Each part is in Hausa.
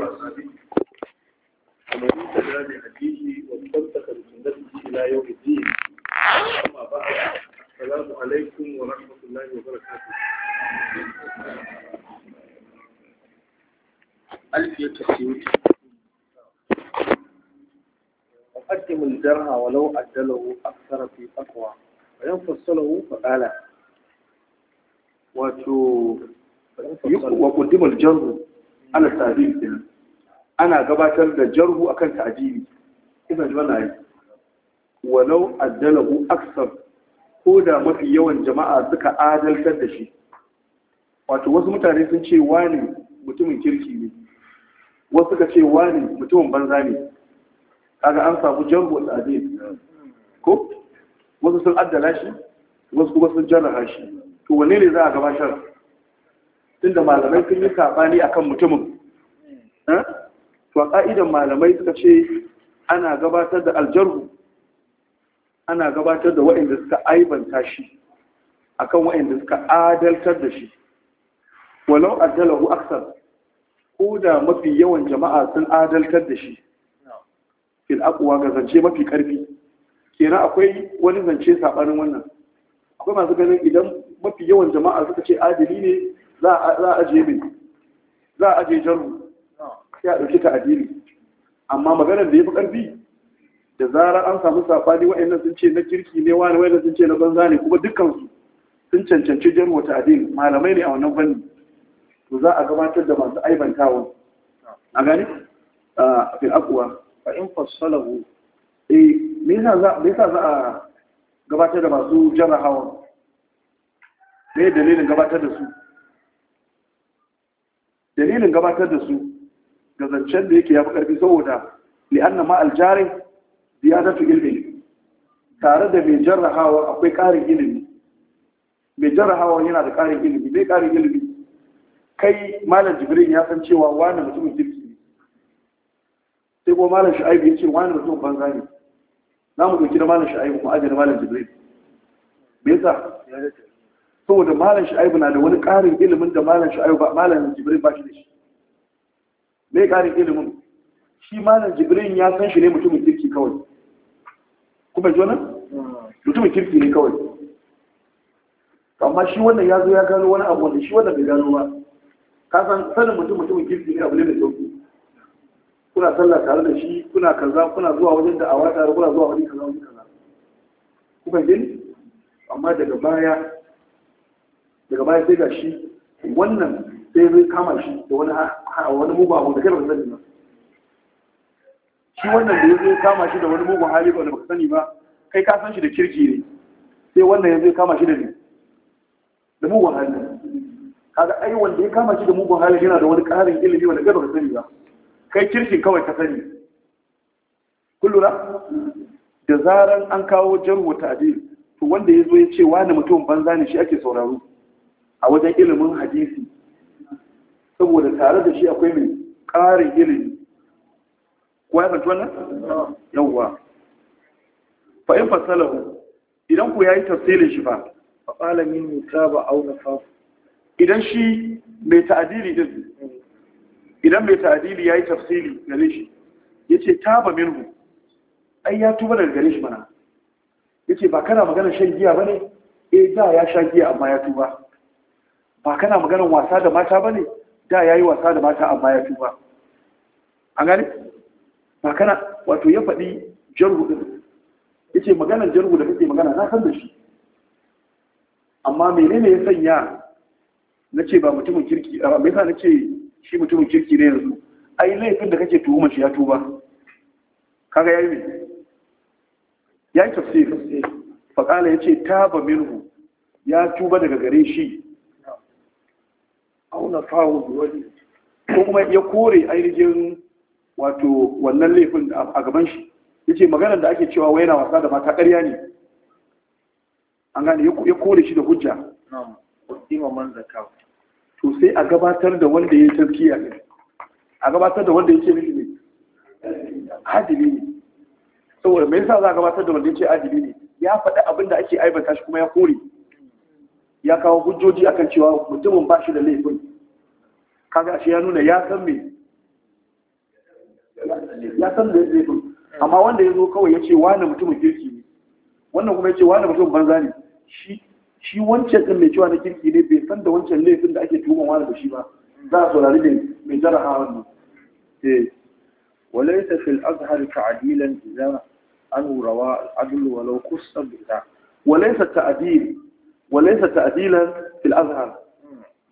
وأصحابه ومن اهتدى بهديه واستمسك بسنته إلى يوم الدين أما بعد السلام عليكم ورحمة الله وبركاته ألفية السيوط أقدم الجرح ولو أجله أكثر في أقوى وينفصله فصله فقال wato wa kuddimar ana ta'dil kenan ana gabatar da jarhu akan ta'dili ina ji wannan ayi walau addalahu aksar ko da mafi yawan jama'a suka adaltar da shi wato wasu mutane sun ce wani mutumin kirki ne wasu suka ce wani mutumin banza ne kaga an samu jarhu al'adil ko wasu sun addala shi wasu kuma sun jarraha shi to wanne ne za a gabatar tunda malamai sun yi sabani akan mutumin eh? to a ka'idan malamai suka ce ana gabatar da aljarhu ana gabatar da waɗanda suka aibanta shi akan waɗanda suka adaltar da shi walau adalahu aksar ko da mafi yawan jama'a sun adaltar da shi fil akuwa ga zance mafi karfi kera akwai wani zance sabanin wannan akwai masu ganin idan mafi yawan jama'a suka ce adali ne za a je min za a jaru ya dauki ɗauki ta addini amma maganar da ya fi ƙarfi da zarar an samu saɓani wa'annan sun ce na kirki ne wani wa'annan sun ce na banza ne kuma su sun cancanci jaru wata addini malamai ne a wannan fanni to za a gabatar da masu aibantawa a gani a fil akuwa fa in fassalahu eh me yasa za a gabatar da masu jarrahawa me dalilin gabatar da su dalilin gabatar da su ga zancen da yake ya fi ƙarfi saboda li'anna ma aljari zafi ilmi tare da mai jarrahawa akwai ƙarin ilimi mai jarrahawa yana da ƙarin ilimi mai ƙarin ilimi kai malam jibrin ya san cewa wani mutumin kirki ne sai kuma malam shu'aibu ya ce wani mutumin banza ne na mu ɗauki da malam shu'aibu mu ajiye malam jibrin me yasa saboda malam shu'aibu na da wani ƙarin ilimin da malam shu'aibu ba malam jibrin ba shi da shi me ƙarin ilimin shi malam jibrin ya san shi ne mutumin kirki kawai kuma ji wannan mutumin kirki ne kawai amma shi wannan ya zo ya gano wani abu wanda shi wannan bai gano ba ka san sanin mutum mutumin kirki ne abu ne mai sauki kuna sallah tare da shi kuna kaza kuna zuwa wajen da awa tare kuna zuwa wajen kaza wajen kaza kuma gani amma daga baya daga baya sai ga shi wannan sai zai kama shi da wani wani mugun abu da kai ba sani ba shi wannan da ya zai kama shi da wani mugun hali ba da ba sani ba kai ka san shi da kirki ne sai wannan ya kama shi da ne da mugun hali kaga ai wanda ya kama shi da mugun hali yana da wani ƙarin ilimi wanda kai baka sani ba kai kirkin kawai ka sani kullura da zaran an kawo jarwa ta'dil to wanda ya zo ya ce wani mutum banza ne shi ake sauraro a wajen ilimin hadisi saboda tare da shi akwai mai ƙarin ilimi ko ya fata wannan yawwa fa’in in fasalahu idan ku ya yi tafsilin shi ba, fa qala min mutaba auna nafaf idan shi mai ta'dili din idan mai ya yi tafsili gare shi yace taba minhu ai ya tuba daga gare shi mana yace ba kana magana shan giya ba ne? eh da ya sha giya amma ya tuba ba kana maganar wasa da mata ba ne da ya yi wasa da mata amma ya tuba a gani ba kana wato ya faɗi jarhu ɗin ya ce maganar jarhu da kake magana na san da shi amma menene ya sanya na ce ba mutumin kirki a ba mesa na ce shi mutumin kirki ne yanzu ai laifin da kake tuhuma shi ya tuba kaga ya yi mai ya yi tafsir faƙala ya ce taba minhu ya tuba daga gare shi auna fahu wani ko kuma ya kore ainihin wato wannan laifin a gaban shi Ya ce maganar da ake cewa wai yana wasa da mata ƙarya ne an gane ya kore shi da hujja to sai a gabatar da wanda ya yi tazkiya ne a gabatar da wanda ya ce miki ne adili ne saboda mai yasa za a gabatar da wanda ya ce adili ne ya faɗi abin da ake aibata shi kuma ya kore ya kawo hujjoji akan cewa mutumin ba shi da laifin kaga shi ya nuna ya san me ya san da laifin amma wanda ya zo kawai ya ce wani mutumin kirki ne wannan kuma ya ce wani mutumin banza ne shi wancan din mai cewa na kirki ne bai san da wancan laifin da ake tuhumar wani da shi ba za a saurari ne mai jaraha wannan eh وليس في الأزهر تعديلا إذا أنه روى العدل ولو قص بالله وليس التعديل walaysa ta'dilan fil azhar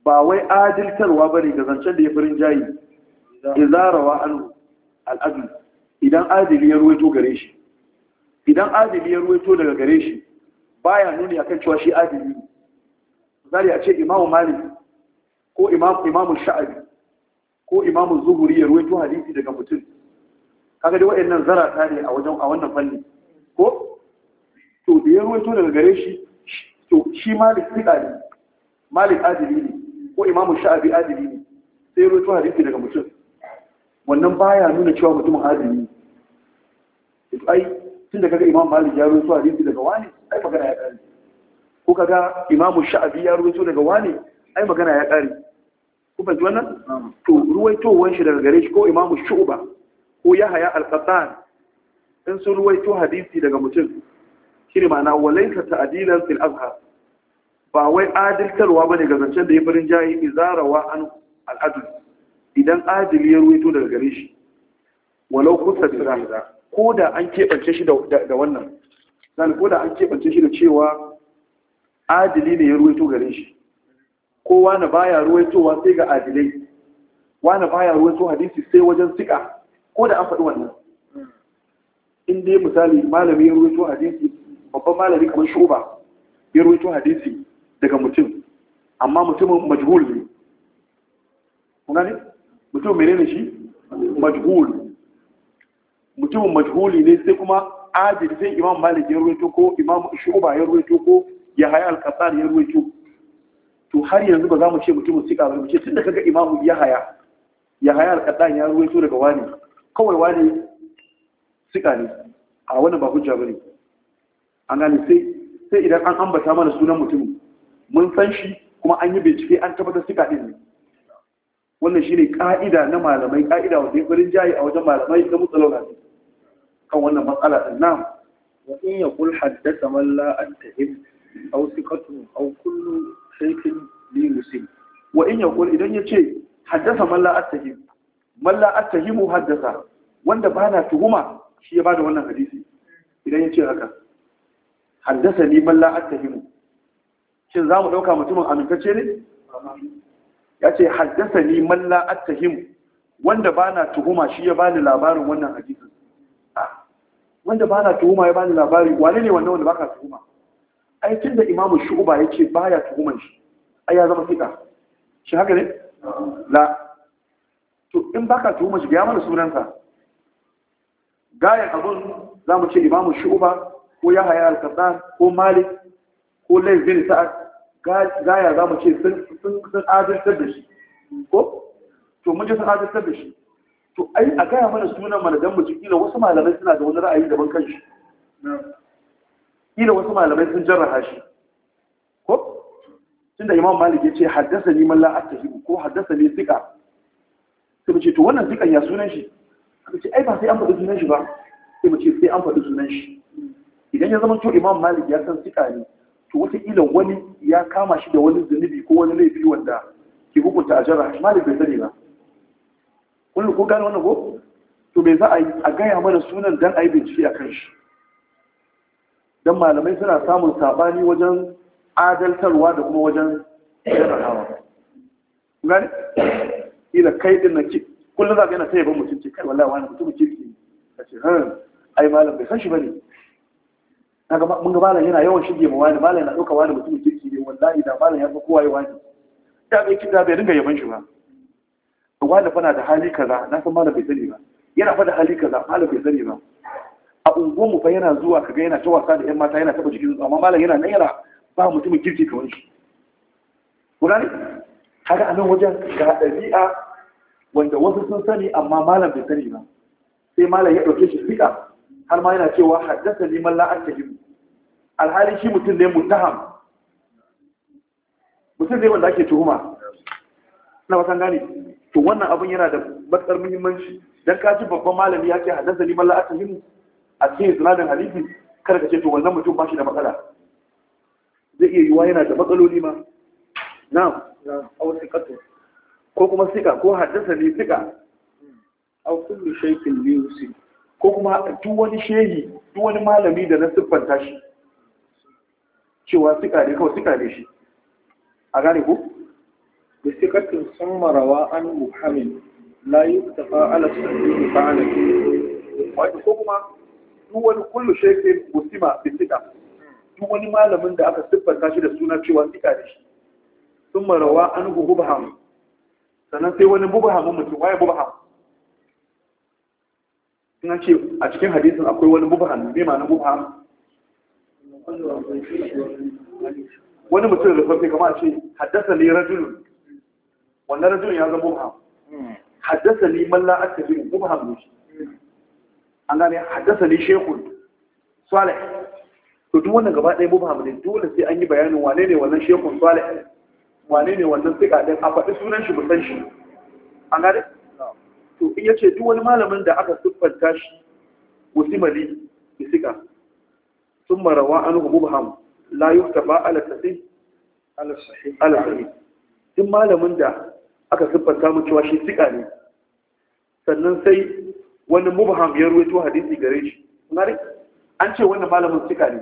ba wai adiltarwa ne ga zancen da ya furin jayi idza rawa an al idan adili ya ruwaito gare shi idan adili ya ruwaito daga gare shi baya nuni akan cewa shi adili misali a ce imamu malik ko imamu sha'abi ko imamu zuhuri ya ruwaito hadisi daga mutum kaga dai wa'annan zarata ne a wajen a wannan fanni ko to da ya ruwaito daga gare to shi malik fiƙa malik adili ne ko imamu sha'abi adili ne sai roto hadisi daga mutum wannan baya nuna cewa mutumin adili ne ai tun da kaga imam malik ya roto hadisi daga wani ai magana ya ƙare ko kaga imamu sha'abi ya roto daga wani ai magana ya ƙare ku fahimci wannan to ruwaitowar shi daga gare shi ko imamu shu'ba ko yahaya al-qattan in sun ruwaito hadisi daga mutum shi ne ma'ana walaita ta'adilan fil azhar ba wai adiltarwa ba ne ga zancen da ya farin jayi izarawa an al'adul idan adil ya ruwaito daga gare shi walau kusa da ko da an keɓance shi da wannan zan ko da an keɓance shi da cewa adili ne ya ruwaito gare shi ko wani baya ruwaitowa sai ga adilai wani baya ruwaito hadisi sai wajen siƙa ko da an faɗi wannan in dai misali malami ya ruwaito hadisi babban malami kamar shuba ya ruwaito hadisi daga mutum amma mutumin majhul ne kun gane mutum menene shi majhul mutumin majhuli ne sai kuma ajin sai imam malik ya ruwaito ko imam shuba ya ruwaito ko ya haya alkasar ya ruwaito to har yanzu ba za mu ce mutumin sika ba mu ce tunda kaga imam ya haya ya haya alkasar ya ruwaito daga wani kawai wani sika ne a wannan ba hujja bane an gane sai sai idan an ambata mana sunan mutumin mun san shi kuma an yi bincike an tabbatar suka ɗin ne wannan shi ne ƙa'ida na malamai ƙa'ida wanda ya farin jayi a wajen malamai na mutsalau na kan wannan matsala ɗin na wa in ya kul haddasa malla la an tahim aw sikatu aw kullu shaykin li musim wa in ya kul idan ya ce haddasa malla an ta man malla an tahimu haddasa wanda ba na tuhuma shi ya bada wannan hadisi idan ya ce haka haddasa ni man la an tahimu shin za mu ɗauka mutumin amintacce ne ya ce haddasa ni Malla, la attahim wanda ba na tuhuma shi ya bani labarin wannan hadisun ah, wanda ba na tuhuma ya bani labari wane ne wannan wanda baka tuhuma aikin da imamu shu'uba ya ce baya tuhuman shi a ya zama fika shi haka ne la to in baka tuhuma shi ga mana sunansa gayan abun za mu ce imamu shu'uba ko yahaya al-qaddan ko malik ko laifin sa'ad gaya za mu ce sun azirtar da shi ko to mun ce sun azirtar da shi to ai a gaya mana sunan mana don mutum kila wasu malamai suna da wani ra'ayi daban kan shi kila wasu malamai sun jarraha shi ko tun da imam malik ya ce haddasa ni man la'atta ko haddasa ni sika sai mu ce to wannan sikan ya sunan shi aka ce ai ba sai an faɗi sunan shi ba sai mu ce sai an faɗi sunan shi idan ya zama to imam malik ya san sika ne to wataƙila wani ya kama shi da wani zunubi ko wani laifi wanda ke hukunta a jara malik bai sani ba kun ko gane wannan ko to me za a yi a gaya mana sunan dan ayi bincike a kan shi dan malamai suna samun sabani wajen adaltarwa da kuma wajen jarahawa kun gane ila kai din ci. kullum za ka yana sai ban mutum ce kai wallahi wani mutum kirki ka ce ha hm, ai malam bai san shi bane mun ga malam yana yawan shige ma wani malam yana ɗauka wani mutum kirki ne wallahi da malam ya fi kowa yi wani da bai kinda bai ringa yaban shi ba to wani fa na da hali kaza na san malam bai sani ba yana fa da hali kaza malam bai sani ba a unguwar mu fa yana zuwa kaga yana ta wasa da yan mata yana taba jikin amma malam yana nan yana ba mutumin kirki kawai shi kuna ne kaga anan wajen ga ɗabi'a wanda wasu sun sani amma malam bai sani ba sai malam ya ɗauke shi fiƙa har ma yana cewa haddasa neman la'ar ta himu alhali shi mutum ne mutaham mutum ne wanda ake tuhuma na wasan gane to wannan abin yana da matsar muhimmanci don ka ji babban malami ya ke haddasa liman la'atahimu a cikin sinadin hadisi kada ka ce to wannan mutum ba shi da matsala zai iya yiwuwa yana da matsaloli ma na wasu kato ko kuma sika ko haddasa ne sika a kullu shaykin li ko kuma duk wani shehi duk wani malami da na siffanta shi cewa suka ne kawai suka ne shi a gane ku? da sikatin sun marawa an muhammin la yi ta fa'ala su ne fa'ala wato ko kuma duk wani kullu sheke musima da sika duk wani malamin da aka siffanta shi da suna cewa sika ne shi sun marawa an hubham sannan sai wani bubhamin mutum waye bubham sun ce a cikin hadisin akwai wani bubham ne ma na bubham wani mutum da fafe kama ce haddasa ne rajulun wannan rajulun ya zama mubham haddasa ne malla aka ji mubham ne shi an gane haddasa ne shekul salih to duk wannan gaba ɗaya mubham ne dole sai an yi bayanin wane ne wannan shekul salih wane ne wannan sika ɗin a faɗi sunan shi mutan shi an gane to in yace duk wani malamin da aka siffanta shi wasimali da sika ثم روى عنه مبهم لا يكتب على الصحيح على الصحيح malamin da aka siffanta mu cewa shi tsika ne sannan sai wani mubham ya ruwaito hadisi gare shi an ce wannan malamin tsika ne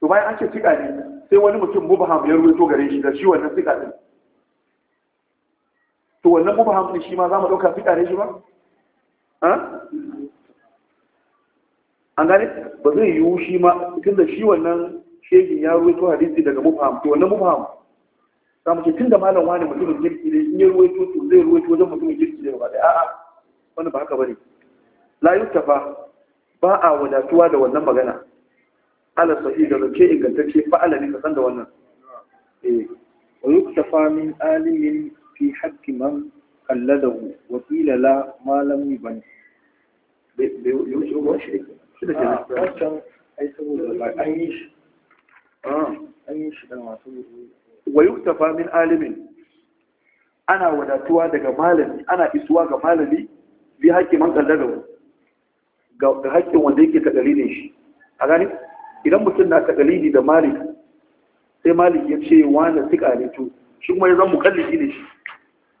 to bayan an ce tsika ne sai wani mutum mubham ya ruwaito gare shi da shi wannan tsika ne to wannan mubham ne shi ma za mu ɗauka tsika ne shi ba an gane ba zai yiwu shi ma tun da shi wannan shegin ya ruwaito hadisi daga mufaham to wannan mufaham za mu ce tun da malam wani mutumin girki ne in ya ruwaito to zai ruwaito wajen mutumin girki ne ba da a'a wani ba haka bane la yuttafa ba a wadatuwa da wannan magana ala sahih da zance ingantacce fa ala ne ka san da wannan eh wa yuktafa min alimin fi haqqi man qalladahu wa qila la bai wuce ba shi shi da ke ah, wancan saboda an yi shi ah. an yi shi masu wa yuktafa min alimin ana wadatuwa daga malami ana isuwa ga malami bi haƙƙin man kallaga ga haƙƙin wanda yake ne shi a gani idan mutum na takalidi da malik sai malik ya ce wani sika ne to shi kuma ya zan mukallidi ne shi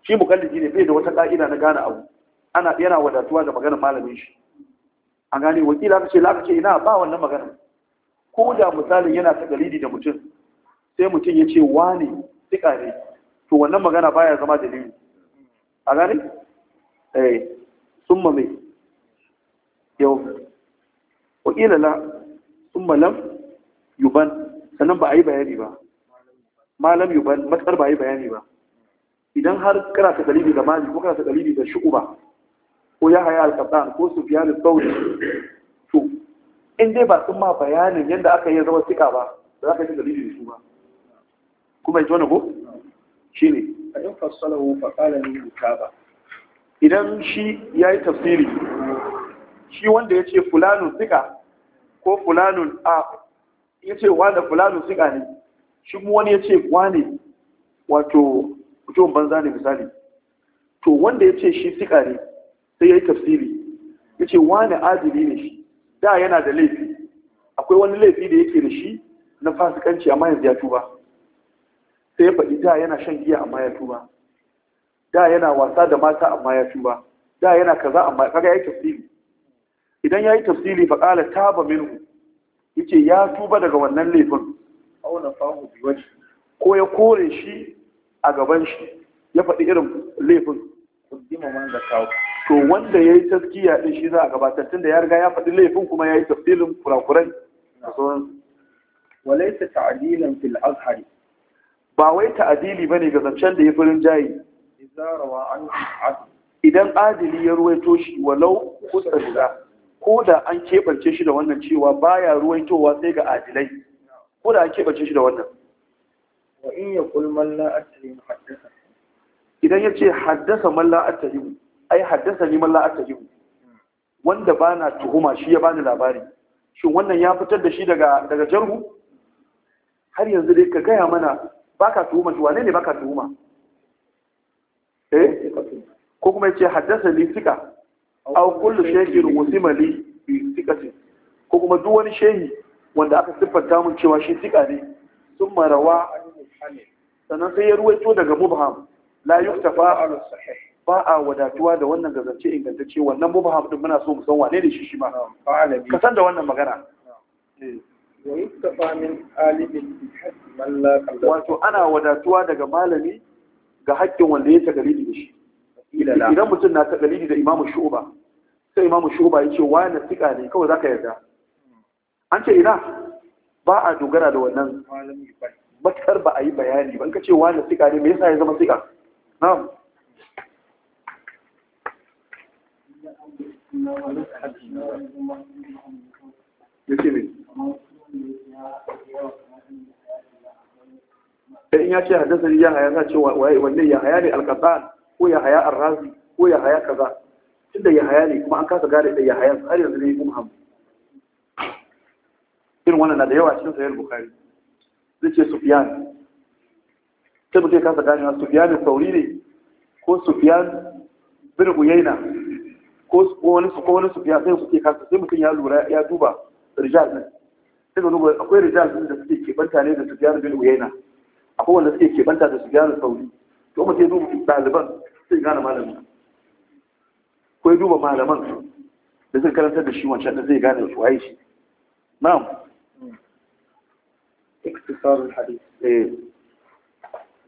shi mukallidi ne bai da wata ka'ida na gane abu ana yana wadatuwa da maganar malamin shi a gane wakila aka ce lafi ce ina ba wannan magana ko da misalin yana ta dalili da mutum sai mutum ya ce wane tsika ne to wannan magana baya zama dalili a gane eh summa mai yau wakila la summa lam yuban sannan ba a yi bayani ba malam yuban matsar ba a yi bayani ba idan har kana ta dalili da mali ko kana ta dalili da shu'uba ko ya haya alkatsan ko su biya da sauri to in dai ba sun ma bayanin yadda aka yi zama sika ba da za ka yi dalilin su ba kuma ita wani ko shi ne A in fassalahu faƙala ne rubuta ba idan shi ya yi tafsiri shi wanda ya ce fulanun sika ko fulanun a ya ce wanda fulanun sika ne shi mu wani ya ce wani wato mutum banza ne misali to wanda ya ce shi sika ne sai ya yi tafsiri ya ce wani adili ne shi da yana da laifi akwai wani laifi da yake da shi na fasikanci amma yanzu ya tuba sai ya faɗi da yana shan giya amma ya tuba da yana wasa da mata amma ya tuba da yana kaza amma kaga ya yi tafsiri idan ya yi tafsiri fa kala taba minhu yace ya tuba daga wannan laifin auna fahu bi wajhi ko ya kore shi a gaban shi ya faɗi irin laifin kuddima man zakawu to wanda ya yi taskiya din shi za a gabatar tun da ya riga ya faɗi laifin kuma ya yi tafsilin kurakuran da sauran walaita ta'adilan fil azhari ba wai ta'adili bane ga zancen da ya furin jayi idan adili ya ruwaito shi walau kusa ko da an keɓance shi da wannan cewa baya ruwaitowa sai ga adilai ko da an keɓance shi da wannan wa in ya kulman la'atarin haddasa idan ya ce haddasa man la'atarin ai haddasa ni man aka atahimu wanda bana tuhuma shi ya bani labari shin wannan ya fitar da shi daga daga jarhu har yanzu dai ka gaya mana baka tuhuma shi wane ne baka tuhuma eh ko kuma yace haddasa ni sika aw kullu shaykhin usima li bi sikati ko kuma duk wani shehi wanda aka siffanta mun cewa shi sika ne sun marawa sannan sai ya ruwaito daga mubham la yuktafa al sahih ba a wadatuwa da wannan gazance ingantacce wannan mubham din muna so mu san wane ne shi shi ma ka san da wannan magana wato ana wadatuwa daga malami ga haƙƙin wanda ya tagalidi da shi idan mutum na tagalidi da imamu shu'ba sai imamu shu'ba ya ce wani tsika ne kawai zaka yarda an ce ina ba a dogara da wannan matakar ba a yi bayani ban ka ce wani tsika ne me yasa ya zama tsika na'am ya ce mai sai in ya ce haddasani ya haya za ce wanne ya haya ne alkazan ko ya haya arrazi ko ya haya kaza tun da ya haya ne kuma an kasa gane da ya haya har yanzu ne mu hamu irin wannan na da yawa cikin sayar bukari zai ce sufiyan Ta mutum ya kasa gane na sufiyan sauri ne ko sufiyan bin uyaina ko wani su ko wani su ya sai suke kasa sai mutum ya lura ya duba rijal din sai ga duba akwai rijal din da suke kebanta ne da su gyara bin uyaina akwai wanda suke kebanta da su gyara sauri to mutum ya duba ɗaliban sai gane malamin ko ya duba malaman da zai karantar da shi wancan da zai gane su waye shi na'am اختصار الحديث ايه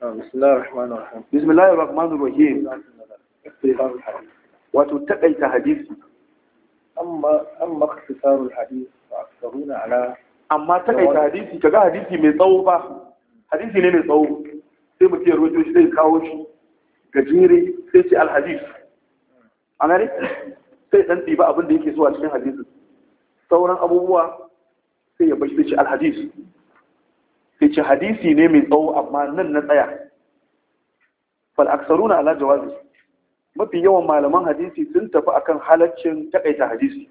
بسم الله الرحمن الرحيم بسم الله الرحمن الرحيم اختصار الحديث wato takaita hadisi amma amma ikhtisarul hadith fa ala amma takaita hadisi kaga hadisi mai tsawo ba hadisi ne mai tsawo sai mutum ya rojo shi zai kawo shi gajere sai ce alhadis a gane sai dan ɗiba abin da yake so a cikin hadisi sauran abubuwa sai ya bashi ce alhadis sai ce hadisi ne mai tsawo amma nan na tsaya fal aksaruna ala jawazi mafi yawan malaman hadisi sun tafi akan halaccin takaita hadisi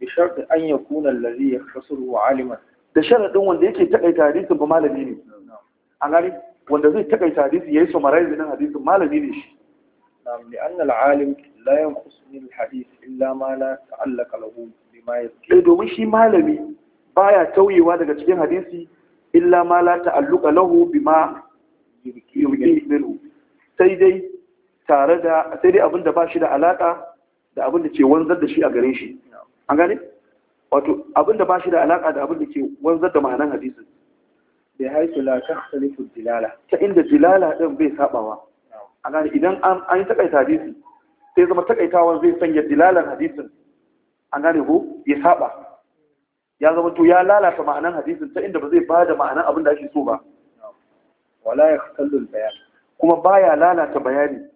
bi sharti an yakuna allazi yakhsuru aliman da sharadin wanda yake takaita hadisin ba malami ne A gari, wanda zai takaita hadisi yayi summarize din hadisin malami ne shi na'am li anna al-alim la yanqus min al-hadith illa ma la ta'allaqa lahu bima yadki eh, domin shi malami baya tauyewa daga cikin hadisi illa ma la ta'alluqa lahu bima yadki sai dai tare da sai dai abin da ba shi da alaka da abin da ke wanzar da shi a gare shi an gane wato abin da ba shi da alaka da abin da ke wanzar da ma'anan hadisi bai haitu lakar takhtalifu dilala ta inda dilala din bai sabawa a gane idan an yi takaita hadisi sai zama takaitawa zai sanya dilalan hadisin an gane ko ya saba ya zama to ya lalata ma'anan hadisin ta inda ba zai ba da ma'anan abin da ake so ba wala ya bayan kuma baya lalata bayani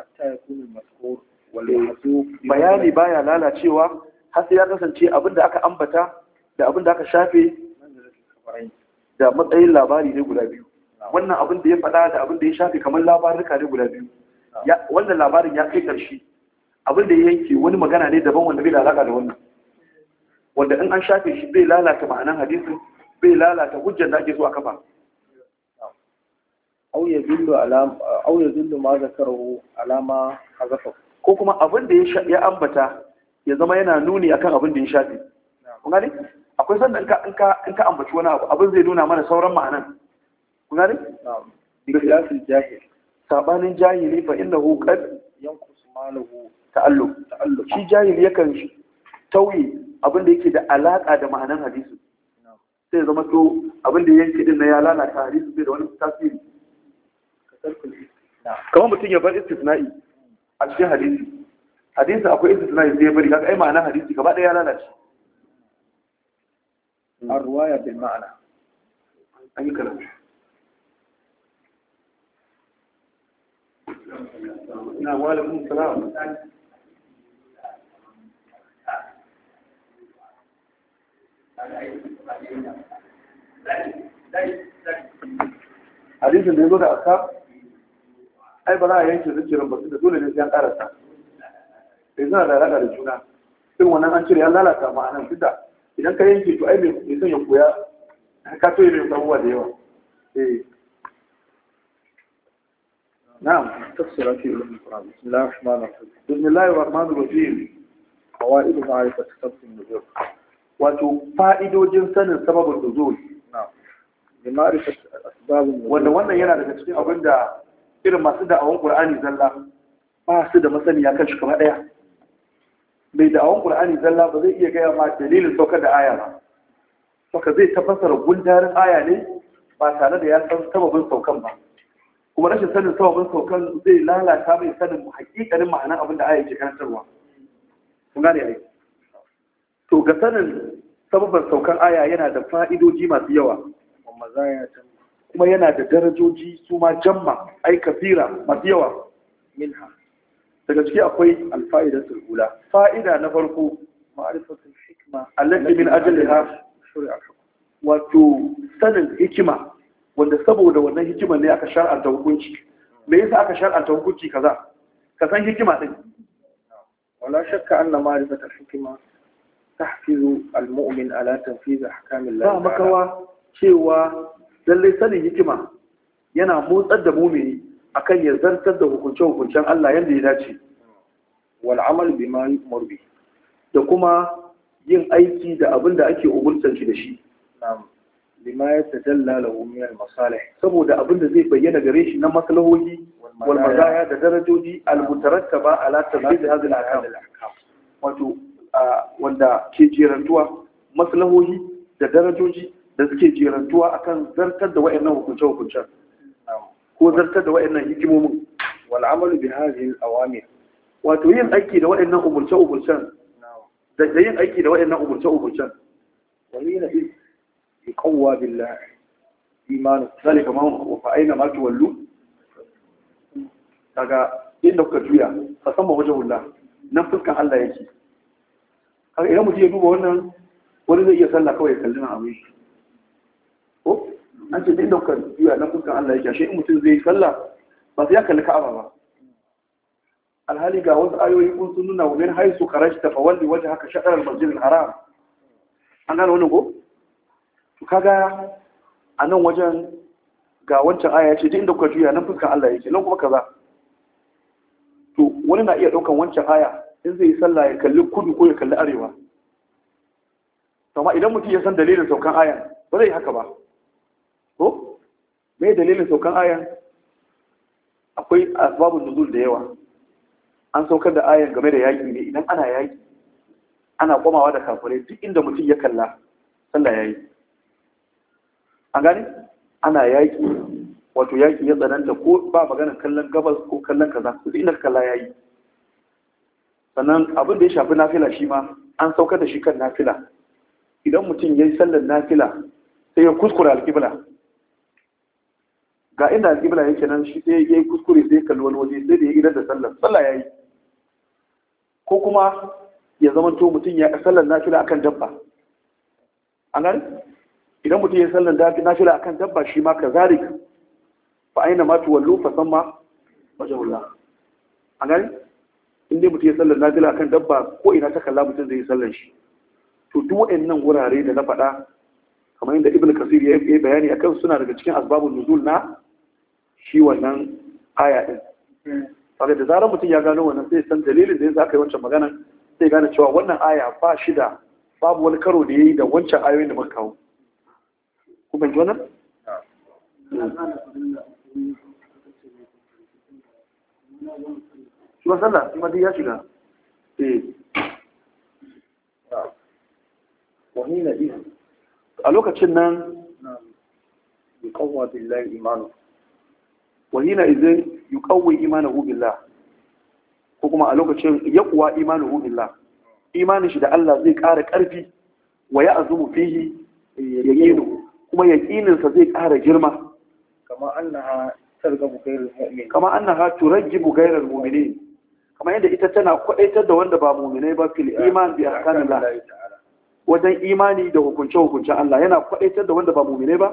hatta yakuna al-mazkur wal eh, bayani baya lalacewa har sai ya kasance abin da aka ambata da abin da aka shafe da matsayin labari ne guda biyu wannan abin da ya faɗa da abin da ya shafe kamar labarurka ne guda biyu wannan labarin ya kai ƙarshe abin da ya yanke wani magana ne daban wanda bai lalaka da wannan wanda in an shafe shi bai lalata ma'anan hadisin bai lalata hujjar da ake so a kafa au ya zillu alama au ya zillu ma zakarahu ko kuma abin da ya ambata ya zama yana nuni akan abin da ya shafi akwai sanda in ka ambaci wani abu abin zai nuna mana sauran ma'anan kun gane bi jahili fa innahu qad yanqusu malahu ta'alluq shi jahili yakan tauye abin da yake da alaka da ma'anan hadisi sai zama to abin da yanke din na ya lalata hadisi bai da wani tasiri kamar mutum ya bar istisna'i a cikin hadisi hadisi akwai istisna'i sai ya bari kaga ai ma'ana hadisi gaba ɗaya ya lalace arwaya bin ma'ana an yi karatu na walakun salam hadisin da ya zo da asab ai ba za a yanke zuciyar ba da dole ne sai an karasa eh, sai zana da alaƙa da juna sai wannan an cire an lalata ma anan da idan ka yanke to ai mai son ya koya ka so ya mai abubuwa da yawa eh نعم تفسير في علم القرآن بسم الله الرحمن الرحيم بسم الله الرحمن الرحيم فوائد معرفة سبب النزول wato fa'idojin sanin sababin nuzul na bi ma'rifat wanda wannan yana daga cikin abin irin masu da'awon ƙur'ani zalla ba su da masaniya kan shi kama ɗaya mai da'awon ƙur'ani zalla ba zai iya gaya ma dalilin saukar da aya ba saka zai ta gundarin aya ne ba tare da ya san sababin saukan ba kuma rashin sanin sababin saukan zai lalata mai sanin hakikanin ma'anar abin da aya ke karantarwa kun gane ai to ga sanin sababin saukan aya yana da fa'idoji masu yawa amma ta kuma yana da darajoji su ma jamma ai kafira masu yawa minha daga ciki akwai alfa'idar sulhula fa'ida na farko ma'arifatul hikma allati min ajliha shari'a wato sanin hikima wanda saboda wannan hikima ne aka shar'anta hukunci me yasa aka shar'anta hukunci kaza ka san hikima din wala shakka anna ma'rifatul hikma tahfizu al-mu'min ala tanfiz ahkamillah ba makawa cewa lallai sanin hikima yana motsar da mumini akan ya zartar da hukunce-hukuncen Allah yadda ya dace wal'amal biman bima da kuma yin aiki da abin da ake umurtar shi da shi na'am lima yatajalla dalla da al masalih saboda abin da zai bayyana gare shi na maslahohi walmazaya da darajoji ba mutarattaba ala da zai al ahkam wato wanda ke jerantuwa maslahohi da darajoji da suke jirantuwa akan zartar da wa'annan hukunce-hukuncen ko zartar da wa'annan hikimomin wal amalu bi hadhihi al awamir wato yin aiki da wa'annan umurce-umurcen da yin aiki da wa'annan Wani umurcen walina iz yuqawwa billah imanu zalika man wa aina ma tuwallu daga inda kuka juya wajen wajhullah nan fuskan Allah yake kaga idan mutum ya duba wannan wani zai iya sallah kawai kallon abin shi an ce duk daukar juya nan fuskan Allah ya ashe in mutum zai yi sallah ba sai ya kalli ka'aba ba alhali ga wasu ayoyi kun sun nuna wajen haisu karashta fa wanda waje haka shaɗar masjidin haram an gane wani ko to kaga a nan wajen ga wancan aya ce duk inda kuka juya nan fuskan Allah yake nan kuma kaza to wani na iya ɗaukan wancan aya in zai yi sallah ya kalli kudu ko ya kalli arewa amma idan mutum ya san dalilin saukan ayan ba zai yi haka ba ko me dalilin saukan ayan akwai asbabun nuzul da yawa an saukar da ayan game da yaƙi ne idan ana yaƙi ana komawa da kafirai duk inda mutum ya kalla sallah yayi an gane ana yaƙi wato yaƙi ya tsananta ko ba maganar kallon gabas ko kallon kaza duk inda kalla yayi sannan abin da ya shafi nafila shi ma an saukar da shi kan nafila idan mutum ya yi sallar nafila sai ya kuskura alƙibla ga inda alƙibla yake nan shi sai ya yi kuskure sai kalli wani waje sai da ya gidan da sallar sallah ya yi ko kuma ya zama to mutum ya sallar nafila akan dabba an gani idan mutum ya sallar nafila akan dabba shi ma ka zarik fa aina ma wallu fa samma wajhullah an gani in dai mutum ya sallar nafila akan dabba ko ina ta kalla mutum zai yi sallar shi to duk waɗannan wurare da na faɗa kamar yadda ibn kasir ya yi bayani akan suna daga cikin asbabun nuzul na shi wannan aya ɗin. saboda da zarar mutum ya gano wannan sai san dalilin da yasa aka yi wancan magana sai gane cewa wannan aya ba shi da babu wani karo da ya yi da wancan ayoyin da muka kawo ku ban wannan shi ba sallah shi ma dai ya shiga eh wahina a lokacin nan Bikon wa billahi imanu wahina izin yuqawwi imanin billah ko kuma a lokacin ya kuwa imanin billah imanin shi da Allah zai ƙara ƙarfi wa ya'zumu fihi yaqinu kuma yaqinin sa zai ƙara girma kama annaha targhabu ghayril mu'min kama kama yadda ita tana kwadaitar da wanda ba mu'minai ba fil iman bi ahkamillah wajen imani da hukunce hukunce Allah yana kwadaitar da wanda ba mu'minai ba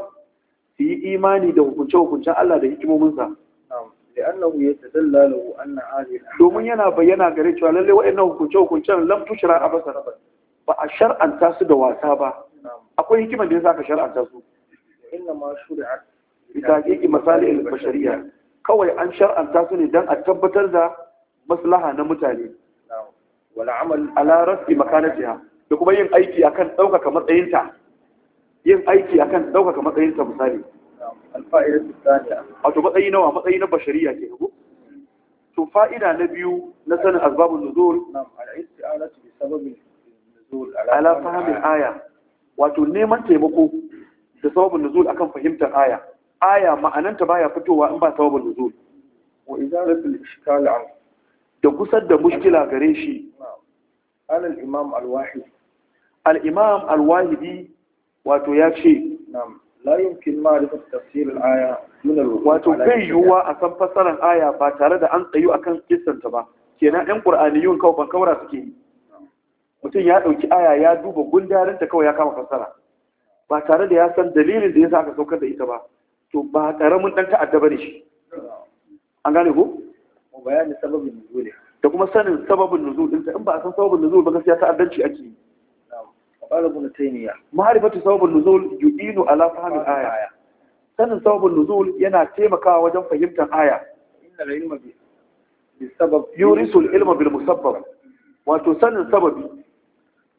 su yi imani da hukunce-hukuncen Allah da hikimominsa. domin yana bayyana gare cewa lalle waɗannan hukunce-hukuncen lam a basar ba a shar'anta su da wasa ba akwai hikimar da ya saka shar'anta su inna ma shuri'a bitaqiqi kawai an shar'anta su ne don a tabbatar da maslaha na mutane Wala amal ala rasi makanatiya. da kuma yin aiki akan ɗaukaka matsayinta yin aiki akan ɗaukaka matsayinsa misali wato matsayi nawa matsayi na bashariya ke hagu to fa'ida na biyu na sanin azbabin nuzul ala fahimin aya wato neman taimako da sababin nuzul akan fahimtar aya aya ma'ananta baya fitowa in ba sababin nuzul wa da kusar da mushkila gare shi al imam al wahidi wato ya ce la yumkin ma'rifat tafsir al-aya dun wato bai yiwuwa a san fassarar aya ba tare da an tsayu akan ta ba kenan ɗan qur'aniyun kawai ban kaura suke yi mutum ya ɗauki aya ya duba gundarin ta kawai ya kama fassara ba tare da ya san dalilin da yasa aka saukar da ita ba to ba karamin ɗan ta'adda ba ne shi an gane ko bayani sababin nuzul da kuma sanin sababin nuzul in ba a san sababin nuzul ba gaskiya ta'addanci ake yi qala ibn taymiya ma'rifatu sabab an-nuzul yu'inu ala fahm aya sanin sabab an-nuzul yana taimakawa wajen fahimtar aya inna ilma ilma bil musabbab wato sanin sababi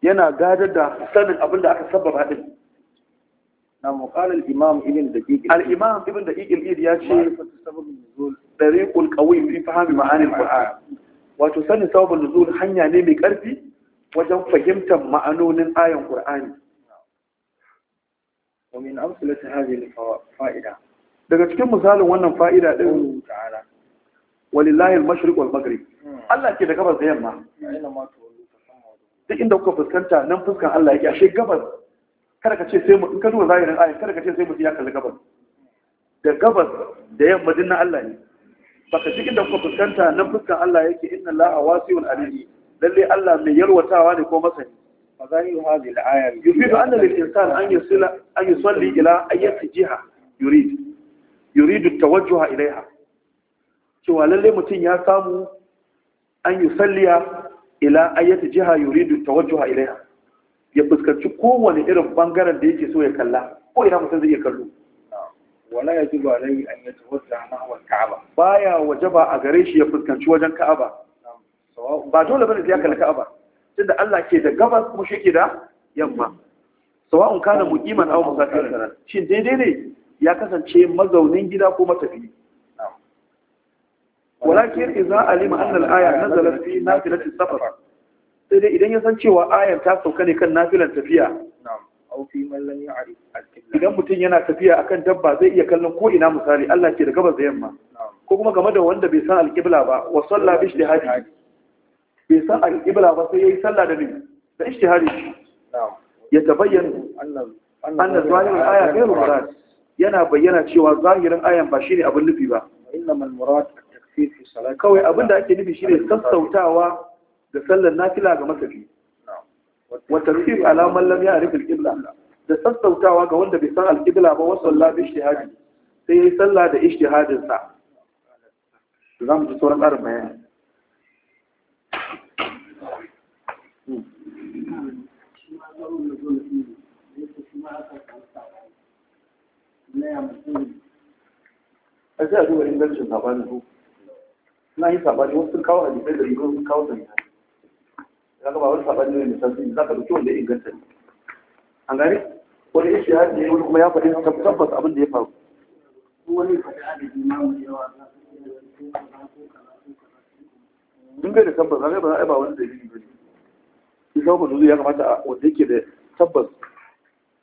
yana gadar da sanin abin da aka sababa din na muqalal imam ibn daqiq al-imam ibn daqiq al-id ya ce sabab an-nuzul tariqul qawi fi fahmi ma'ani al wato sanin sabab an-nuzul hanya ne mai ƙarfi? wajen fahimtar ma'anonin ayan Qur'ani wa min amsalati hadhihi fa'ida daga cikin misalin wannan fa'ida din ta'ala walillahi al-mashriq wal maghrib hmm. Allah ke da gabas da yamma duk inda kuka fuskanta nan fuskan Allah yake ashe gabas kada ka ce sai mu ya kalli gabas da gabas da yamma dinna Allah ne baka da kuka fuskanta nan fuskan Allah lalle Allah mai yalwatawa ne ko masani fazahiru hadhihi al-aya yufidu anna lil-insan an yusila an yusalli ila ayyati jiha yurid yurid at-tawajjuha ilayha cewa lalle mutum ya samu an yi yusalliya ila ayyata jiha yuridu at-tawajjuha ilayha ya fuskanci kowane irin bangaren da yake so ya kalla ko ina mutum zai iya kallo wala ya yajibu alayhi an yatawadda nahwa al Kaaba. baya wajaba a gare shi ya fuskanci wajen ka'aba ba dole bane sai ya kalli ka'aba tunda Allah ke da gabas kuma shi ke da yamma sawa'un kana muqiman aw musafiran shin daidai ne ya kasance mazaunin gida ko matafi walakin idza alima anna al-aya nazalat fi nafilati safar sai dai idan ya san cewa ayar ta sauka ne kan nafilan tafiya idan mutum yana tafiya akan dabba zai iya kallon ko ina misali Allah ke da gabas da yamma ko kuma game da wanda bai san alƙibla ba wa sallah bi ijtihadi bai san alƙibla ba sai ya yi sallah da nufi, da ishtihari ya ta tabayyana annan zahirin aya gairu murad yana bayyana cewa zahirin ayan ba shine abin nufi ba kawai abin da ake nufi shine sassautawa da sallar nafila ga masafi wa tafsir alamar lam ya arif alqibla da sassautawa ga wanda bai san alqibla ba wa sallah bi ishtihadi sai ya yi sallah da ishtihadin sa za mu ji sauran ƙarin bayani a sai a duba ingancin sabanin su suna yin sabani wasu sun kawo hadisai da rigon sun kawo sanya ya ga ba wani sabani ne mai sassi za ka dauki wanda ya inganta ne an gani wani ishi ya ne wani kuma ya faɗi haka tabbas abin da ya faru wani faɗi adadi ma mu yawa za su iya wani da tabbas an ga ba za a yi ba wani dalili ba ne shi sabon nuzu ya kamata a wanda yake da tabbas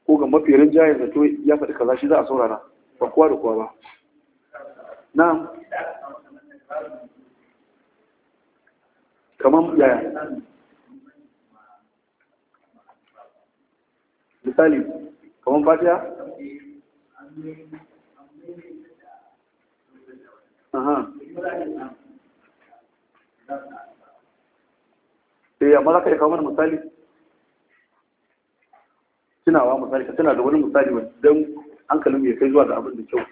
ko ga mafi rinjayen zato ya faɗi kaza shi za a saurara ba kowa da kowa ba na kamar yaya misali kamar fatiya aha eh amma za ka iya kawo mana misali tunawa misali ka tana da wani misali don hankalin ya kai zuwa da abin da kyau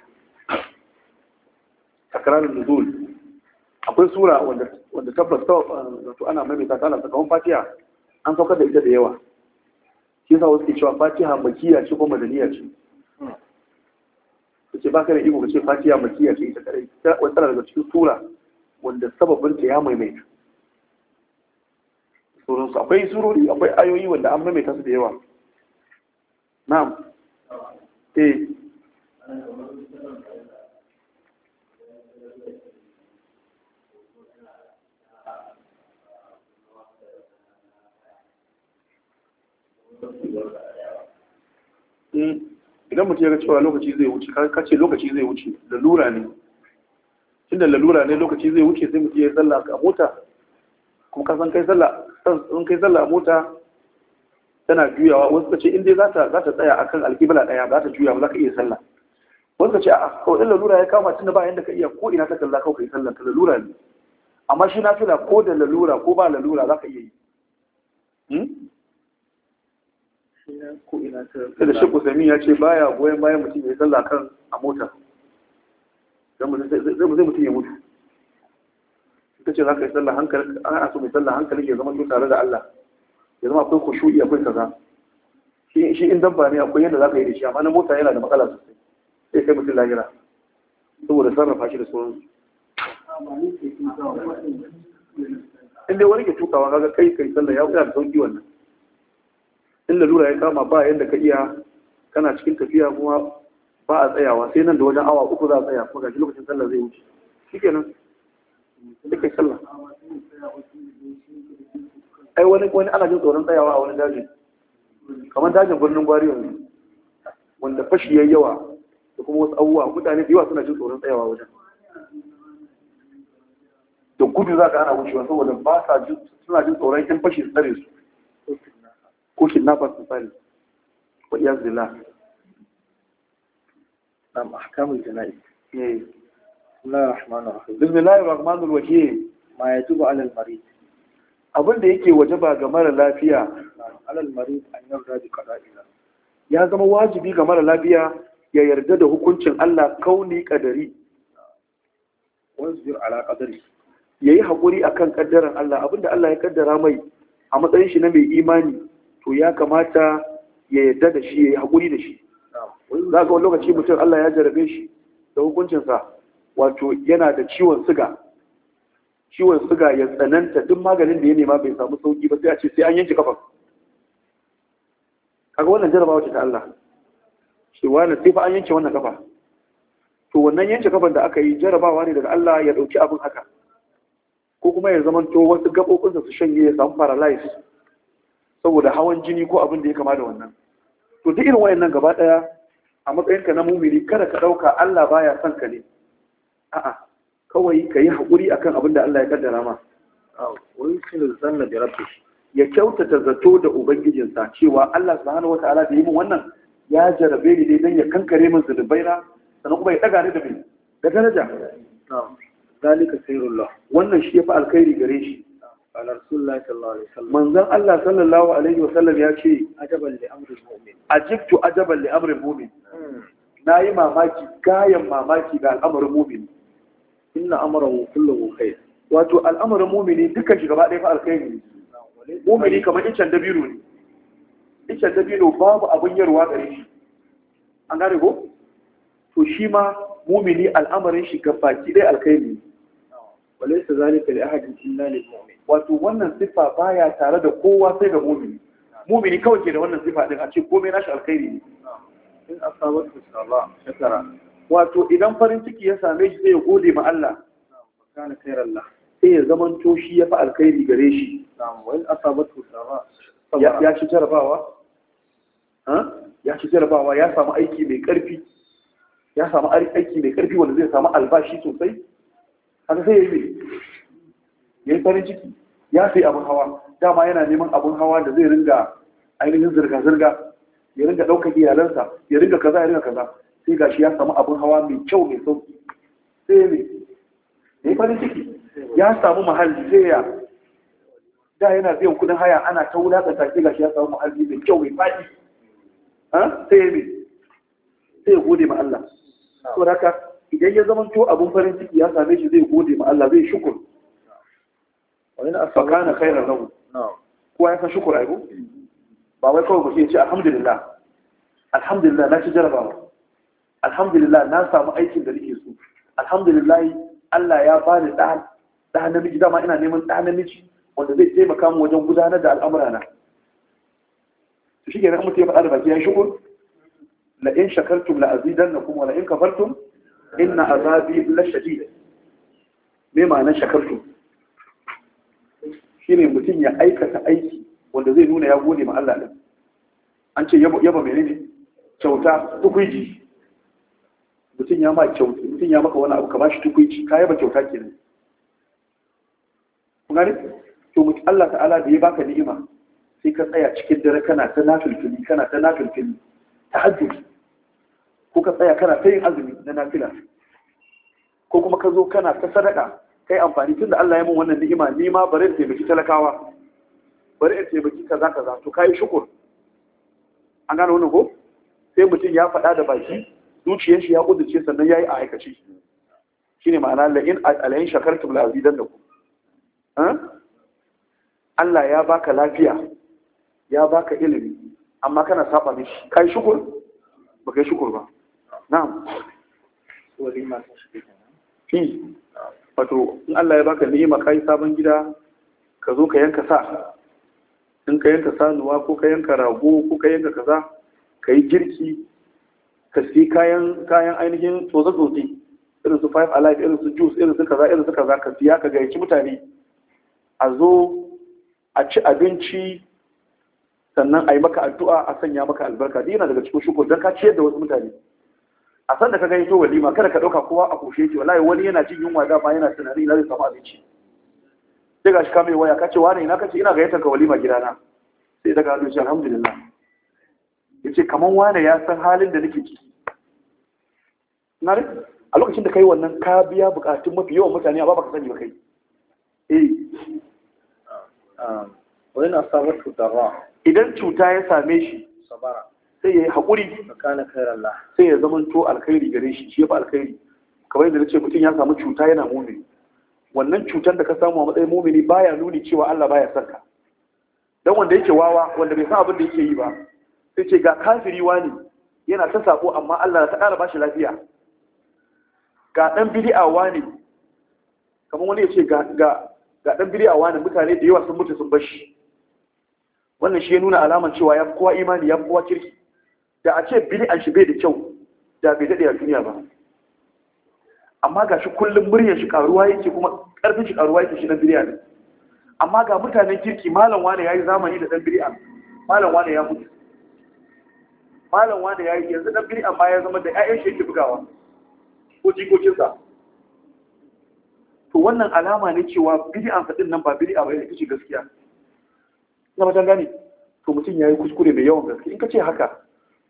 takrarin nuzul akwai sura wanda tabbas ta wato ana maimaita ta ana sakamakon fatiha an saukar da ita da yawa shi yasa wasu ke cewa fatiha makiya ce ko madaniya ce ce ba ka da iko ce fatiha makiya ce ita kadai wata daga cikin sura wanda sababin ta ya maimaita sauransu akwai surori akwai ayoyi wanda an mamaita su da yawa na'am eh hmm. idan mutum ya ga cewa lokaci zai wuce ka ce lokaci zai wuce lalura ne Inda lalura ne lokaci zai wuce sai mutum ya yi sallah a mota kuma ka san kai sallah in kai sallah mota tana juyawa wasu ka ce in dai za ta tsaya akan alkibala ɗaya za ta juya ba za ka iya sallah wasu ka ce a kawai lalura ya kama da ba da ka iya ko ina ta kalla ka kai sallah ka lalura ne amma shi fila ko da lalura ko ba lalura za ka iya yi hmm? sai da shekku sami ya ce baya goyon bayan mutum ya yi sallah kan a mota zai mutum ya mutu ce za ka yi sallah hankali ana so mai sallah hankali ya zama su tare da Allah ya zama akwai khushu'i akwai kaza shi shi in dabba ne akwai yadda za ka yi da shi amma na mota yana da matsala sosai sai kai mutum lahira saboda sarrafa shi da su. in dai wani ke tukawa kaga kai kai sallah ya da sauki wannan in lalura ya kama ba yadda ka iya kana cikin tafiya kuma ba a tsayawa sai nan da wajen awa uku za a tsaya kuma gashi lokacin sallah zai wuce shikenan duk kai sallah ai wani wani ana jin tsoron tsayawa a wani dajin kamar dajin birnin gwari yanzu wanda fashi yayi yawa da kuma wasu abubuwa mutane da yawa suna jin tsoron tsayawa wajen da gudu za ka ana wucewa saboda ba sa jin suna jin tsoron yan fashi su tsare su ko kidnappers su tsare wa iyaz billah na ahkamul jana'iz eh. الله الرحمن الرحيم بسم الله الرحمن الرحيم ما يجب على المريض abin da yake wajaba ga mara lafiya alal marid an yarda da qada'ina ya zama wajibi ga mara lafiya ya yarda da hukuncin Allah kauni kadari wasbir ala qadari yayi hakuri akan kaddaran Allah abinda Allah ya kaddara mai a matsayin shi na mai imani to ya kamata ya yarda da shi yayi hakuri da shi za ga wani lokaci mutum Allah ya jarabe shi da hukuncinsa wato yana da ciwon siga ciwon siga ya tsananta duk maganin da ya nema bai samu sauki ba sai a ce sai an yanke kafan kaga wannan jarabawa ce ta Allah shi wani sai fa an yanke wannan kafa to wannan yanke kafan da aka yi jarabawa ne daga Allah ya dauki abin haka ko kuma ya zamanto wasu gabobin da su shanye ya samu paralyze saboda hawan jini ko abin da ya kama da wannan to duk irin wayannan gaba daya a matsayinka na mumini kada ka dauka Allah baya son ka ne a'a kawai ka yi haƙuri akan abin da Allah ya kaddara ma wani sinu zanna da rabbi ya kyautata zato da ubangijinsa cewa Allah subhanahu wa ta'ala da yi min wannan ya jarabe ni dai don ya kankare min zunubai na sannan kuma ya daga ni da mai da daraja zalika sayrullah wannan shi ya fi alkhairi gare shi manzon Allah sallallahu alaihi wa sallam ya ce ajaban li amril mu'min ajibtu ajaban li amril mu'min hmm. yi mamaki gayan mamaki ga al'amarin mu'min inna amrahu kulluhu khair wato al'amarin mumini dukkan shi gaba ɗaya fa alkhairi ne mumini kamar icen dabino ne icen dabino babu abin yarwa gare shi an gane ko to shi ma mumini al'amarin shi gaba ki ɗaya alkhairi Wale-sa zalika li ahadin illa lil mu'min wato wannan sifa baya tare da kowa sai ga mumini mumini kawai ke da wannan sifa din a ce komai nashi alkhairi ne in asabatu sallah shakara wato idan farin ciki ya same shi zai gode ma Allah kana kai Allah sai ya zaman toshi shi ya fa alkhairi gare shi wa in asabatu sama ya ci jarabawa ha ya ci jarabawa ya samu aiki mai karfi ya samu aiki mai karfi wanda zai samu albashi sosai haka sai ya yi yayi farin ciki ya sai abun hawa dama yana neman abun hawa da zai ringa ainihin zirga zirga ya ringa ɗaukar iyalansa ya ringa kaza ya ringa kaza sai gashi ya samu abin hawa mai kyau mai sauki sai ne ya yi farin ciki ya samu mahalli sai ya da yana biyan kudin haya ana ta wulaƙanta sai gashi ya samu mahalli mai kyau mai faɗi sai ne sai ya gode ma Allah to haka idan ya zama to abin farin ciki ya same shi zai gode ma Allah zai shukur wani asaka na khairar lahu kowa ya san shukur ai ba wai kawai ba ce alhamdulillah alhamdulillah na ci jarabawa alhamdulillah na samu aikin da nake so alhamdulillah Allah ya bani da da namiji dama ina neman da namiji wanda zai taimaka mu wajen gudanar da al'amurana to shi kenan mutum ya faɗa da baki ya shukur la in shakartum la azidannakum wa la in kafartum inna azabi la shadid me ma'anar shakartum shine mutum ya aikata aiki wanda zai nuna ya gode ma Allah din an ce yaba yaba menene kyauta tukuiji mutum ya ma kyauta mutum ya maka wani abu ka bashi tukunci ka yaba kyauta ke ne gane to mutum Allah ta'ala da ya baka ni'ima sai ka tsaya cikin dare kana ta nafilfili kana ta nafilfili ta hajjuki ko ka tsaya kana ta yin azumi na nafila ko kuma ka zo kana ta sadaka kai amfani tun da Allah ya mun wannan ni'ima ni ma bari in taimaki talakawa bari in taimaki kaza kaza to kayi shukur an gane wannan ko sai mutum ya faɗa da baki zuciyar shi ya kudurce sannan ya yi a aikace shi ne ma'ana la'in alayin shakar la azidan da ku Allah ya baka lafiya ya baka ilimi amma kana saba shi kai shukur ba kai shukur ba na'am fi wato in Allah ya baka ni'ima kai sabon gida ka zo ka yanka sa in ka yanka sanuwa ko ka yanka rago ko ka yanka kaza ka yi girki ka siyi kayan kayan ainihin tsotse-tsotse irin su five alive irin su juice irin su kaza irin su kaza ka siya ka gayyaci mutane a zo a ci abinci sannan a yi maka addu'a a sanya maka albarka duk yana daga cikin shukur don ka ciyar da wasu mutane a san da ka gayyato walima kada ka ɗauka kowa a koshe ki wallahi wani yana cin yunwa da, ba yana tunani ina zai samu abinci sai gashi ka mai waya ka ce wani ina ka ce ina gayyatar ka walima gidana sai daga hannu shi alhamdulillah ya ce kamar wane ya san halin da nake ciki a lokacin da kai wannan ka biya bukatun mafi yawan mutane a babaka sani ba kai eh wani idan cuta ya same shi sai ya yi haƙuri sai ya zama to alkhairi gare shi shi ya fi alkhairi kamar yadda ce mutum ya samu cuta yana mumini wannan cutar da ka samu a matsayin mumini baya nuni cewa Allah baya son Don dan wanda yake wawa wanda bai san abin da yake yi ba sai ce ga kafiri wani yana ta sako amma Allah ta ƙara bashi lafiya ga dan bid'a wani kamar wani ya ce ga ga ga dan bid'a wani mutane da yawa sun mutu sun bashi wannan shi ya nuna alaman cewa ya kowa imani ya kowa kirki da a ce bid'an shi bai da kyau da bai dade a duniya ba amma ga shi kullum muryar shi karuwa yake kuma karfin shi karuwa yake shi na bid'a ne amma ga mutanen kirki malam wani yayi zamani da dan bid'a malam wani ya mutu malam wanda ya yi yanzu ɗan biri amma ya zama da ƴaƴan shi yake bugawa ko jikokinsa to wannan alama ne cewa biri an faɗin nan ba a bai da kici gaskiya na matan gane to mutum ya yi kuskure mai yawan gaske in ka ce haka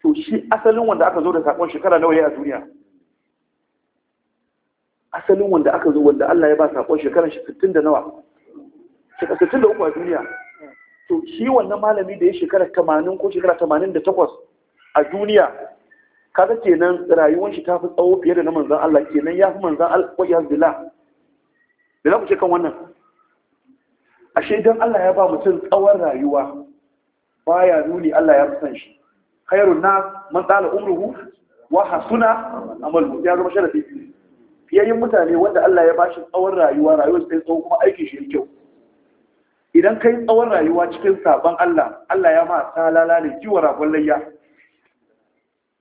to shi asalin wanda aka zo da saƙon shekara nawa ya a duniya asalin wanda aka zo wanda Allah ya ba saƙon shekaran sittin 60 da nawa shekara 63 a duniya to shi wannan malami da ya shekara 80 ko shekara 88 a duniya kaga kenan rayuwar shi ta fi tsawo fiye da na manzan Allah kenan ya fi manzan Allah wa yazbila da za ku ce kan wannan ashe dan Allah ya ba mutum tsawon rayuwa baya nuni Allah ya fi san shi khairun na man tsala umruhu wa hasuna amalu ya zama sharafi fiyayen mutane wanda Allah ya bashi tsawon rayuwa rayuwar sai tsawo kuma aikin shi kyau idan kai tsawon rayuwa cikin sabon Allah Allah ya ma salala ne kiwa ragon layya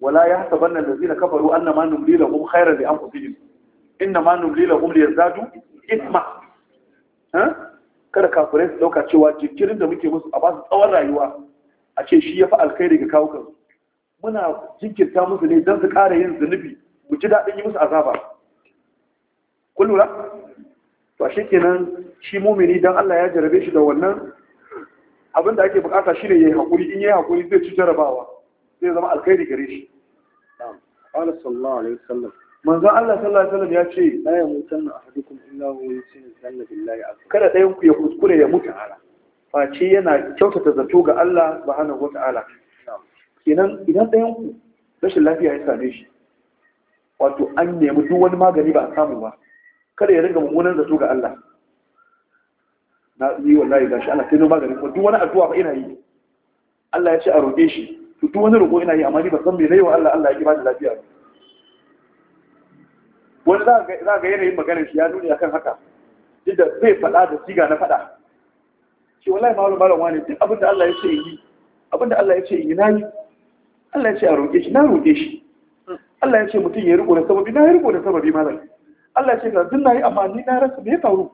wala ya haka bannan da zina kafaru an na ma numli da kuma khairar da kada kafirai su dauka cewa jinkirin da muke musu a ba su tsawon rayuwa a ce shi ya fi alkhairi ga kawo kansu muna jinkirta musu ne don su ƙara yin zunubi mu ji daɗin yi musu azaba kun lura to shi kenan shi mumini don Allah ya jarabe shi da wannan abin da ake bukata shi ne ya yi haƙuri in ya yi haƙuri zai ci jarabawa zai zama alkhairi gare shi qala sallallahu alaihi wasallam manzo Allah sallallahu alaihi wasallam ya ce la yamutanna ahadukum illa huwa yusinu zanna billahi azza kada dayan ku ya kuskure ya mutu ala face yana kyautata zato ga Allah subhanahu wataala kenan idan dayan ku rashin lafiya ya same shi wato an nemi duk wani magani ba a samu ba kada ya ringa mummunan zato ga Allah na yi wallahi gashi Allah sai maganin kuma duk wani addu'a ba ina yi Allah ya ce a roƙe shi Tutu wani roƙo ina yi amma ba san me laiwa Allah Allah ya ba da lafiya ba wani za ga ga yanayin maganin shi ya nuni akan haka duk da zai faɗa da siga na faɗa shi wallahi malu malam wani duk abin da Allah ya ce yi abin da Allah ya ce yi na yi Allah ya ce a roƙe shi na roƙe shi Allah ya ce mutum ya riko da sababi na riko da sababi malam Allah ya ce ga duk yi, amma ni na rasa me ya faru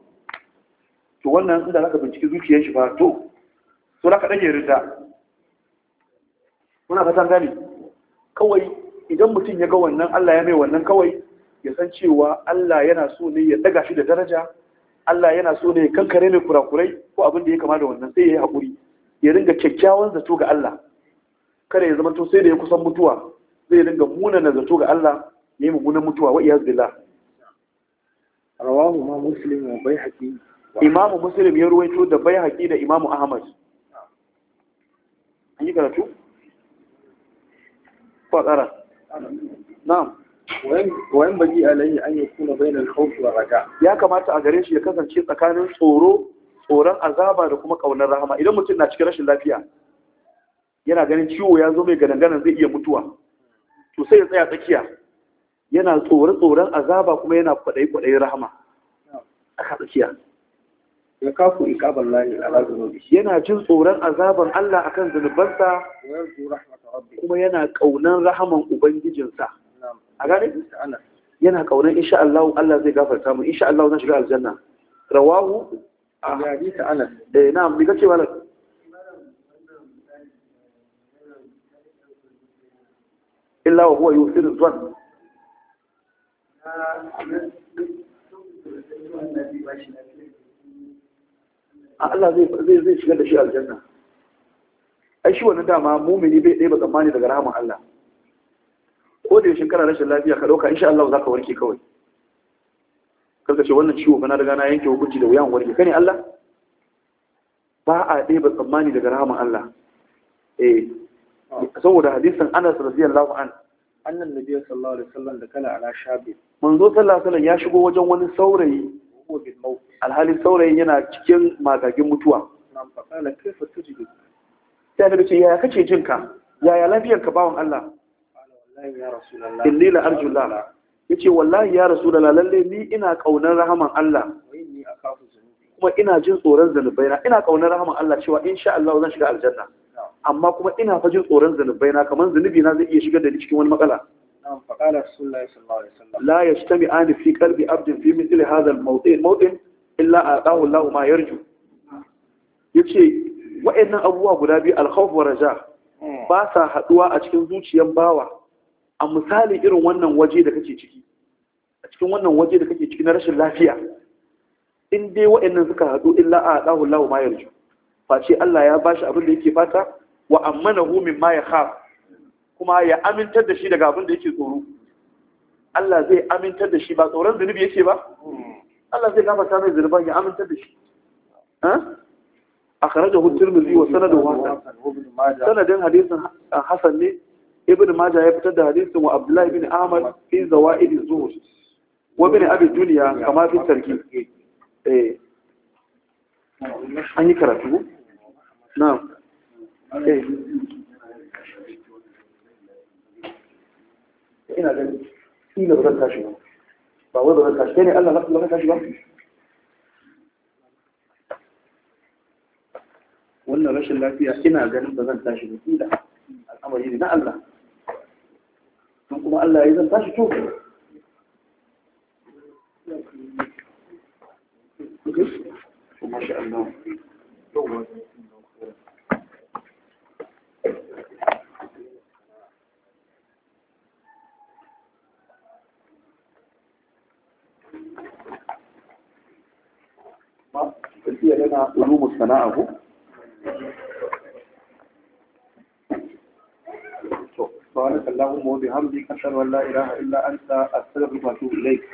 to wannan inda zaka binciki zuciyar shi ba to so zaka dage rinda muna fatan gani kawai idan mutum ya ga wannan Allah ya mai wannan kawai ya san cewa Allah yana so ne ya daga shi da daraja Allah yana so ne ya kankare mai kurakurai ko abin da ya kama da wannan sai ya yi haƙuri ya ringa kyakkyawan zato ga Allah kada ya zama to sai da ya kusan mutuwa zai ringa na zato ga Allah ya yi mummunan mutuwa wa iyaz billah rawahu ma muslim wa bayhaqi imamu muslim ya ruwaito da bayhaqi da imamu ahmad an yi karatu bakara na'am wayan an yi kuna bainal khawfi wa ya kamata a gare shi ya kasance tsakanin tsoro tsoron azaba da kuma kaunar rahama idan mutum na cikin rashin lafiya yana ganin ciwo ya zo mai gadanganan zai iya mutuwa to sai ya tsaya tsakiya yana tsoron tsoron azaba kuma yana kwaɗayi kwaɗayi rahama a tsakiya ya kafu ikabar lahi ala zunubi yana jin tsoron azaban Allah akan zunubansa kuma yana kaunan rahaman ubangijinsa a gane yana kaunan insha Allah Allah zai gafarta mu insha Allah zan shiga aljanna rawahu a hadisi Anas eh na'am bi kace wala illa wa huwa yusiru dhann Allah zai zai shiga da shi aljanna ai shi wannan dama mumini bai dai ba tsammani daga rahaman Allah ko da yaushe kana rashin lafiya ka ɗauka insha Allah za ka warke kawai karka ce wannan ciwo kana daga na yanke hukunci da wuyan warke kane Allah ba a dai ba tsammani daga rahaman Allah eh saboda hadisin Anas radiyallahu an annan nabi sallallahu alaihi wasallam da kala ala shabi manzo sallallahu alaihi wasallam ya shigo wajen wani saurayi alhalin saurayin yana cikin magagin mutuwa sai daga ce yaya kace jinka yaya lafiyar ka bawan Allah inni arjula ya ce wallahi ya rasu da lalalle ni ina kaunar rahaman Allah kuma ina jin tsoron zanubaina ina kaunar rahaman Allah cewa insha Allah zan shiga aljanna amma kuma ina fa jin tsoron zanubaina kamar zanubi na zai iya shigar da ni cikin wani matsala فقال رسول الله صلى الله عليه وسلم لا في قلب عبد في مثل هذا الموطن موطن إلا أعطاه الله ما يرجو yace wa'annan abubuwa guda biyu alkhawf wa raja ba sa a cikin zuciyar bawa a misali irin wannan waje da kake ciki a cikin wannan waje da kake ciki na rashin lafiya in dai wa'annan suka hadu illa a dahu lahu ma yarju face Allah ya bashi abin da yake fata wa ammanahu mimma yakhaf kuma ya amintar da shi daga abin da yake tsoro Allah zai amintar da shi ba tsoron zunubi yake ba Allah zai gafarta mai zunuban ya amintar da shi a kharaja hutun mizi wa sanadin hasan sanadin hadisin hasan ne ibn majah ya fitar da hadisin wa abdullahi bin ahmad fi zawaid zuhur wa bin abi dunya kama fi tarki eh an yi karatu na'am eh هنا جنب إيه يعني في لغتان كاشفة بعوض لغتان كاشفة تاني قال لغتان كاشفة وانا باش اللي فيها هنا جنب لغتان كاشفة في لا الأمر يجري نقل له ثم قال له إذا انتاش تشوفه ما شاء الله tafiya yana ulumu sana'ahu to sawana kallahu mu bi hamdi kasar walla ilaha illa anta astaghfiruka wa atubu ilayk